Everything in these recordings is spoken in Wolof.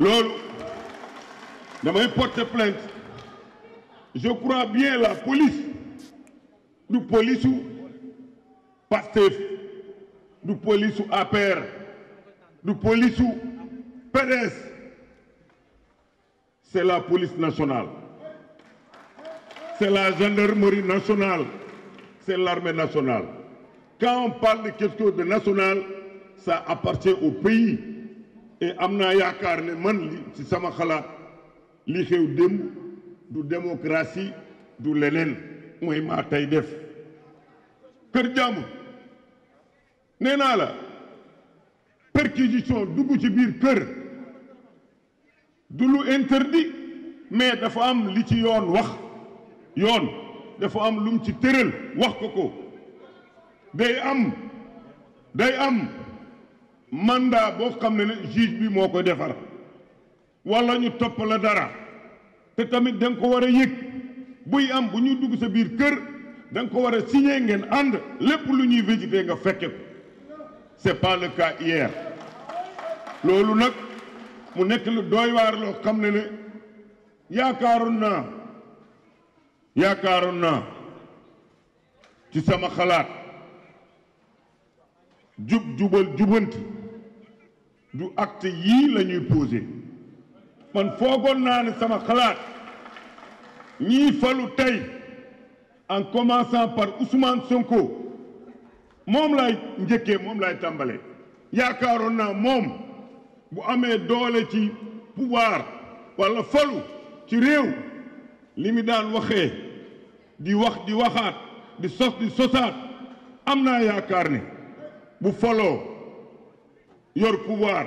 je porter plainte je crois bien la police Nous police pasteur, Pastef nous police à père, nous police ou c'est la police nationale c'est la gendarmerie nationale c'est l'armée nationale quand on parle de quelque chose de national ça appartient au pays am naa yaakaar ne man li ci sama xalaat li xew démb du démocratie du leneen mooy maa tey def kër jàmm nee naa la perquisition dugg ci biir kër du lu interdit mais dafa am li ci yoon wax yoon dafa am lu mu ci tëral wax ko ko day am day am mandat boo xam ne ne juge bi moo koy defar wala ñu topp la dara te tamit da ko war a yëg buy am bu ñuy dugg sa biir kër da ko war a signé ngeen ànd lépp lu ñuy visité nga fekke ko c'est pas le loolu nag mu nekk lu doy waar loo xam ne ne yaakaaroon naa yaakaaroon naa ci sama xalaat jub jubal jubanti du acte yii lañuy pose posé man foogoon naa ne sama xalaat ñii falu tey en commençant par Ousmane Sonko moom laay njëkkee moom laay tàmbale yaakaaroon naa moom bu amee doole ci pouvoir walla falu ci réew li mu daan waxee di wax di waxaat di sos di sosaat am naa yaakaar ne bu foloo yor pouvoir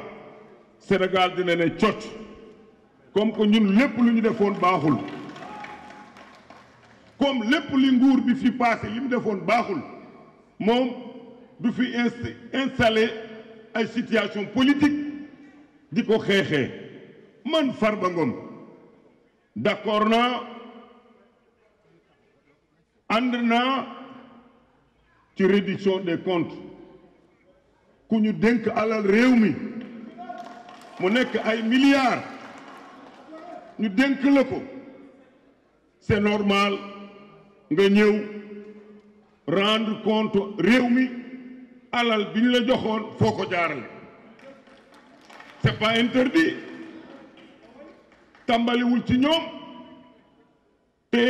Sénégal dina ne comme nous, ñun lépp lu ñu comme lépp li nguur bi fi passé yim avons baxul mom installé une situation politique diko ko man Farba Ngom d'accord ci des comptes kuñu denk alal réew mi mu nekk ay milliards ñu denk la ko c'est normal nga ñëw rendre compte réew mi alal bi ñu la joxoon foo ko jaarale c'est pas interdit tàmbaliwul ci ñoom te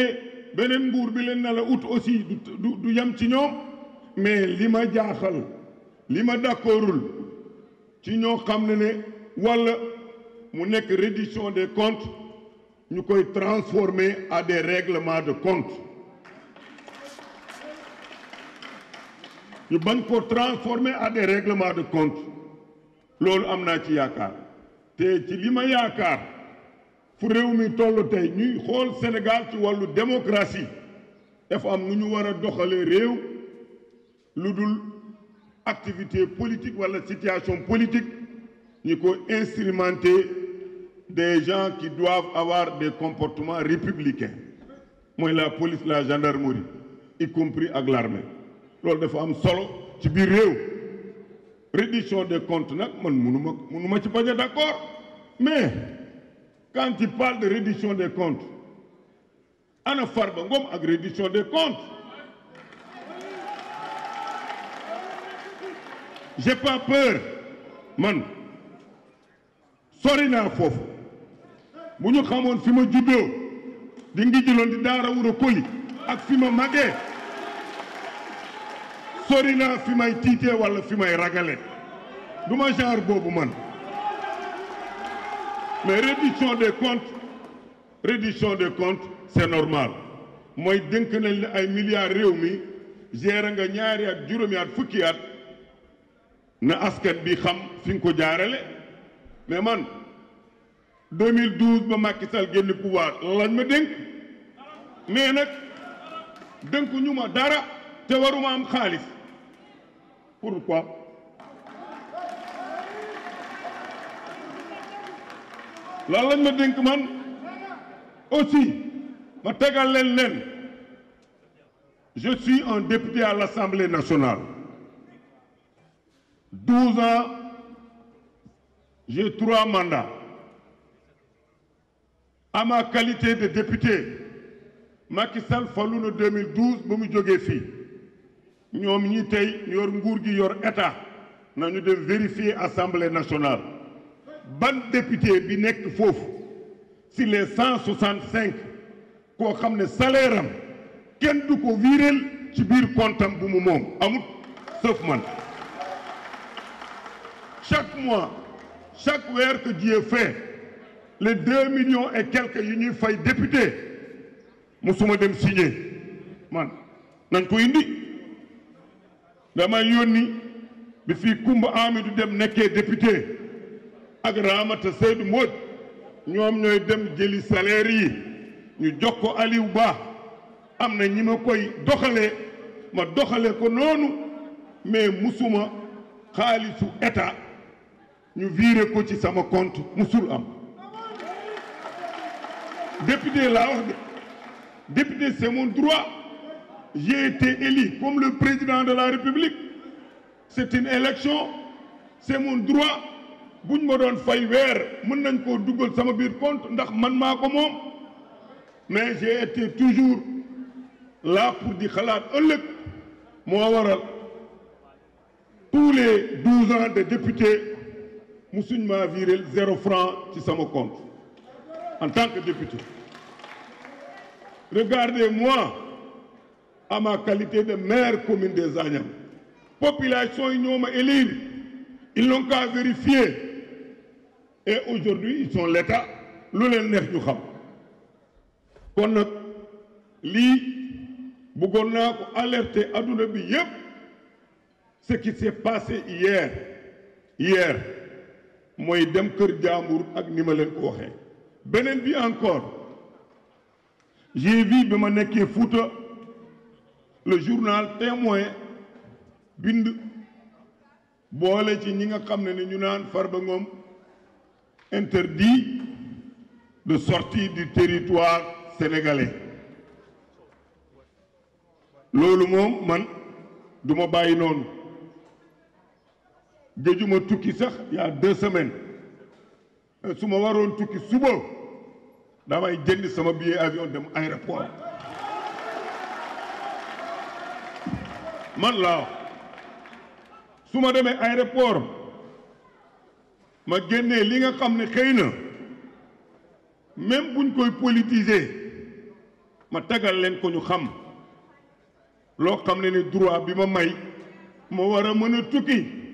beneen nguur bi leen na la ut aussi du du yem ci ñoom mais li ma jaaxal lima ma d'accordul ci ñoo xamné né wala mu nekk reddition des comptes ñukoy transformer à des règlements de compte ñu bañ ko transformer à des règlements de compte loolu amna ci yaakaar té ci lima ma fu rew mi tollu tay ñuy xol Sénégal ci walu démocratie dafa am nu ñu wara doxale rew ludul activité politique ou la situation politique nous ko instrumenter des gens qui doivent avoir des comportements républicains Moi, la police la gendarmerie y compris avec l'armée je dafa am solo ci biir réew reddition des comptes je ne suis pas d'accord mais quand tu parles de reddition des comptes ana Farba Ngom ak reddition des comptes j'ai pas peur man sorina fof. foofu bu ñu xamoon Dingi djilon di ngi jëloon di daara wuro koli ak fi ma Sorina sori naa fi may tiitee genre man mais réduction des comptes réduction des comptes c'est normal Moi, dénk nañ a ay milliards réew mi nga ñaari at na askan bi xam fi ko jaarale mais man 2012 ba Macky Sall génn pouvoir lañ ma dénk mais nak dënku ñuma dara te waruma am xaalis pourquoi lan lañ ma dénk man aussi ma tégal leen leen je suis un député à l'Assemblée nationale 12 ans, j'ai trois mandats. À ma qualité de député, Macky Sall fallu en 2012 je suis Nous fii nous yor nguur vérifier assemblée nationale ban député bi si les 165 qui ont le salaire kenn ko amut sauf chaque mois chaque heure que Dieu fait les deux millions et quelques de ñuy fay député musuma dem signé man indi dama bi Kumba dem député ak Ramata Seydou des salariés, nous dem salaire yi ñu Aliou Ba am ma koy doxalee ma mais musuma nous viré ko ci sama compte musul am député la député c'est mon droit j'ai été élu comme le président de la République c'est une élection c'est mon droit buñ ma don fay weer mën nañ suis duggal sama biir compte ndax man mako mom mais j'ai été toujours là pour di xalaat euleuk mo waral tous les 12 ans de député musuñ m'a viré zéro franc sur mon compte en tant que député regardez-moi à ma qualité de maire commune des Agnam population yi ils n'ont qu'à vérifier et aujourd'hui ils sont l'état lu les neex ñu xam kon alerter ce qui s'est passé hier hier moy dem keur jaambur ak nima len ko waxe benen bi encore j'ai vu bima ma Fouta le journal témoin bind bolé ci ñi nga xam ñu naan Farba Ngom interdit de sortie du territoire sénégalais loolu moom man duma bàyyi noonu géejuma tukki sax y a semaine euh, su ma waroon tukki suba damay jënd sama billet avion dem aéroport man la su ma demee aéroport ma génnee li nga xam ne xëy na même buñ koy politiser ma tagal leen ko ñu xam loo xam ne ne droit bi ma may ma war a mën a tukki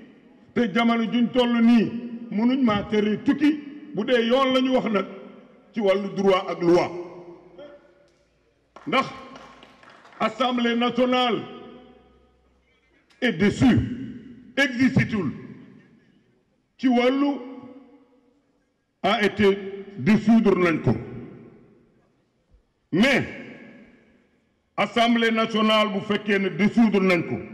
te jamono juñ tollu ni munuñ ma tere tukki budé yoon lañu wax nak ci walu droit ak loi ndax assemblée nationale est déçue existitul ci walu a été dissoudre nañ ko mais assemblée nationale bu fekké ne dissoudre nañ ko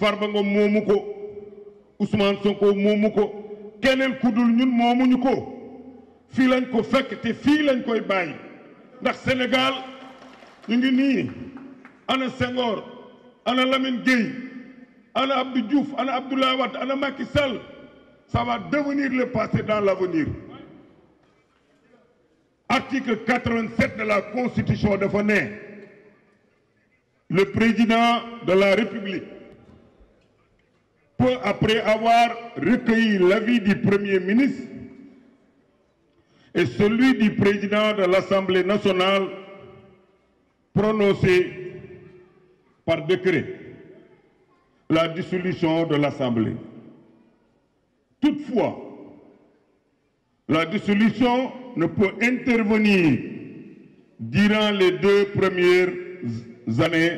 Farbango Ngom Ousmane Sonko Momuko, ko est le dul ñun moomuñu ko Sénégal ñu Anna ana Senghor ana Lamine ana Abdou Diouf ana Abdoulaye Wad, ana Macky ça va devenir le passé dans l'avenir article 87 de la constitution de Fonet. le président de la république peu après avoir recueilli l'avis du Premier ministre et celui du président de l'Assemblée nationale prononcer par décret la dissolution de l'Assemblée. Toutefois, la dissolution ne peut intervenir durant les deux premières années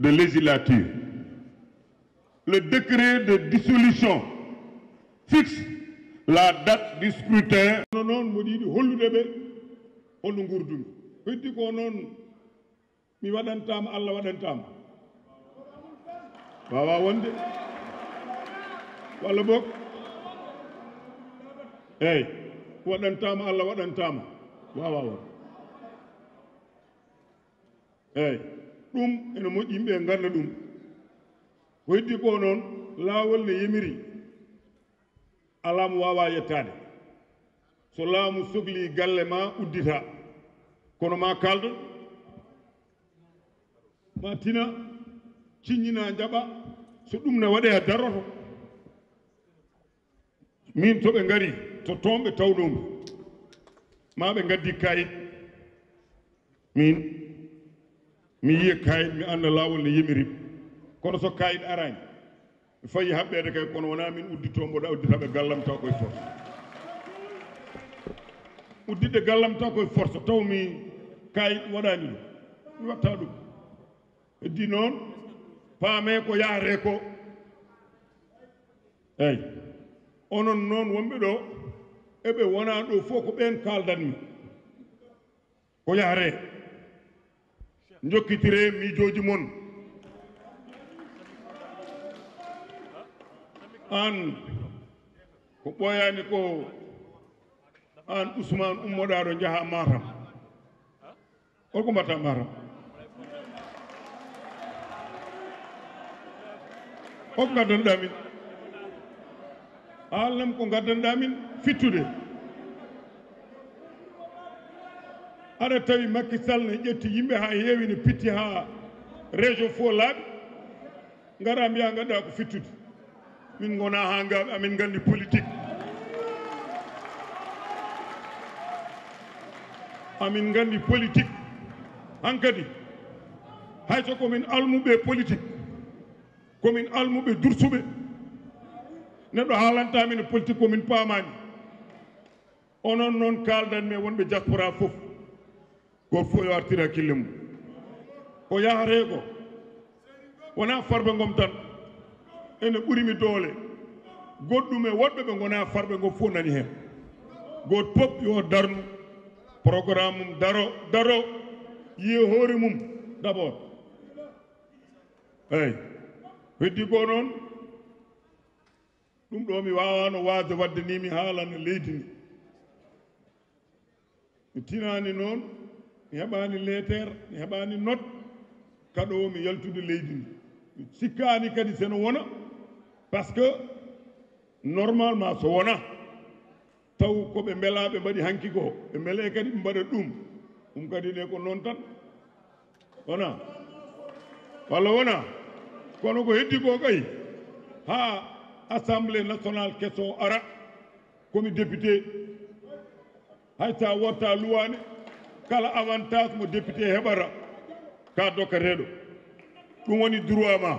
de législature le décret de dissolution fixe la date du scrutin koyddi ko noon laawol ne yemiri alaamu waawa yettaade so laamu sohlii galle ma udditaa kono ma kaalda ma tina ciññinaa jaɓa so ɗum ne waɗee darroto min to ɓe ngarii to toon ɓe tawnoondu ma ɓe ngaddi kayit min mi yiya kayit mi annda laawol ne yemirim kono so kayit arani fayi haɓɓede kay kono wona min uddito mboɗa udditaɓe gallam taw koye force udditde gallam taw koye force taw mi kayit waɗani ɗum mi watta ɗum heddi noon paame ko yaare ko eyyi onon noon wonɓe ɗo eɓe wona ɗo fof ko ɓen kaldanmi ko yaare jokkitire miijoji mon an ko ɓooyaani ko aan ousmane ummoɗaa ɗo njaha matam holko mbatta matam holko ngaddanoɗaa min haalnam ko ngaddanoɗaa min fittude aɗa tawi makki sall ne ƴetti yimɓe haa heewi ne pitti haa région fof laaɓe ngara mbiya ngannduɗaa ko fittude min gona ha gaɓe amin gandi politique amin gandi politique hankadi hayso komin almuɓe politique komin almuɓe dursuɓe neɗɗo haalantamino politique komin paamani onon noon kaldanmi wonɓe diaspora foof goto fof yo artir hakkille mum o yahate ko wona farba gom tan ene ɓurimi doole goɗɗum e woɗɓe ɓe gona farɓe ngo fof nani heen gooto pop yo darnu programme mum daro daro yiye hoore mum d' abord eyi heddi goo noon ɗum ɗo mi wawano waade wadde ni mi haala no leydi ni mi tinani noon mi heɓani leter mi heɓani note kaɗo mi yaltude leydi ndi mi sikkani kadi seno wona pasque normalement so wona taw ko ɓe mbela ɓe mbaɗi hanki ko ɓe mbele kadi ɓe mbaɗa ɗum ɗum kadi ne ko noon tan wona walla wona kono ko heddi ko kay ha assemblé national kesso ara komi député hay sa wotta luwani kala avantage mo député heɓata ka dokkateɗo ɗum woni droit ma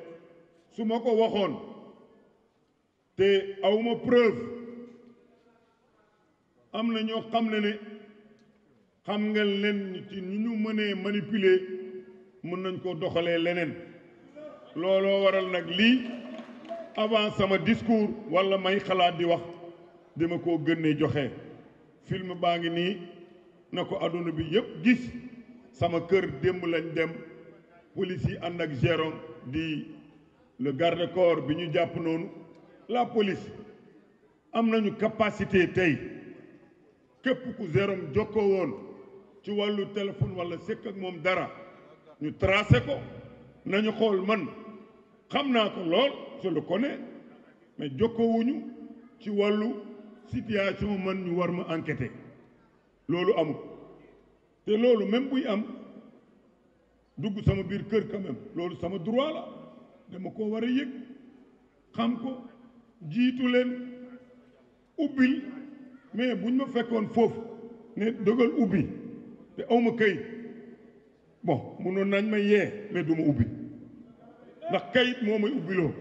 su ma ko waxoon te awma preuve am na ñoo xam ne ni xam nga leen ci ñu ñu mënee manipule mën nañ ko doxalee leneen looloo waral nag lii avant sama discours walla may xalaat di wax dama koo gënne joxe film baa ngi nii na ko àdduna bi yëpp gis sama kër démb lañ dem police yi ànd ak Jérôme di le garde corps biñu japp jàpp la police am nañu capacité tay képp ku zérom jokkoo won ci walu téléphone wala sëkk ak mom dara ñu tracé ko nañu xol man xamna ko lool je le connais mais wuñu ci walu situation man ñu war ma enquêter loolu amul té loolu même buy am dugg sama biir kër quand même loolu sama droit la dama koo war a yëg xam ko jiitu leen ubbil mais buñ ma fekkoon foofu ne dogal ubbi te awma kayit bon mënoon nañ ma yee mais du ma ubbi ndax kayit moo may ubbiloo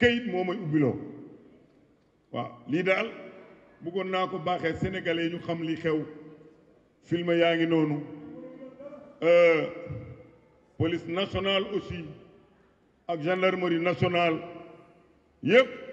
kayit moo may ubbiloo waaw lii daal bëggoon naa ko baaxee sénégalais ñu xam li xew film yaa ngi noonu euh, police nationale aussi ak gendarmerie national yëpp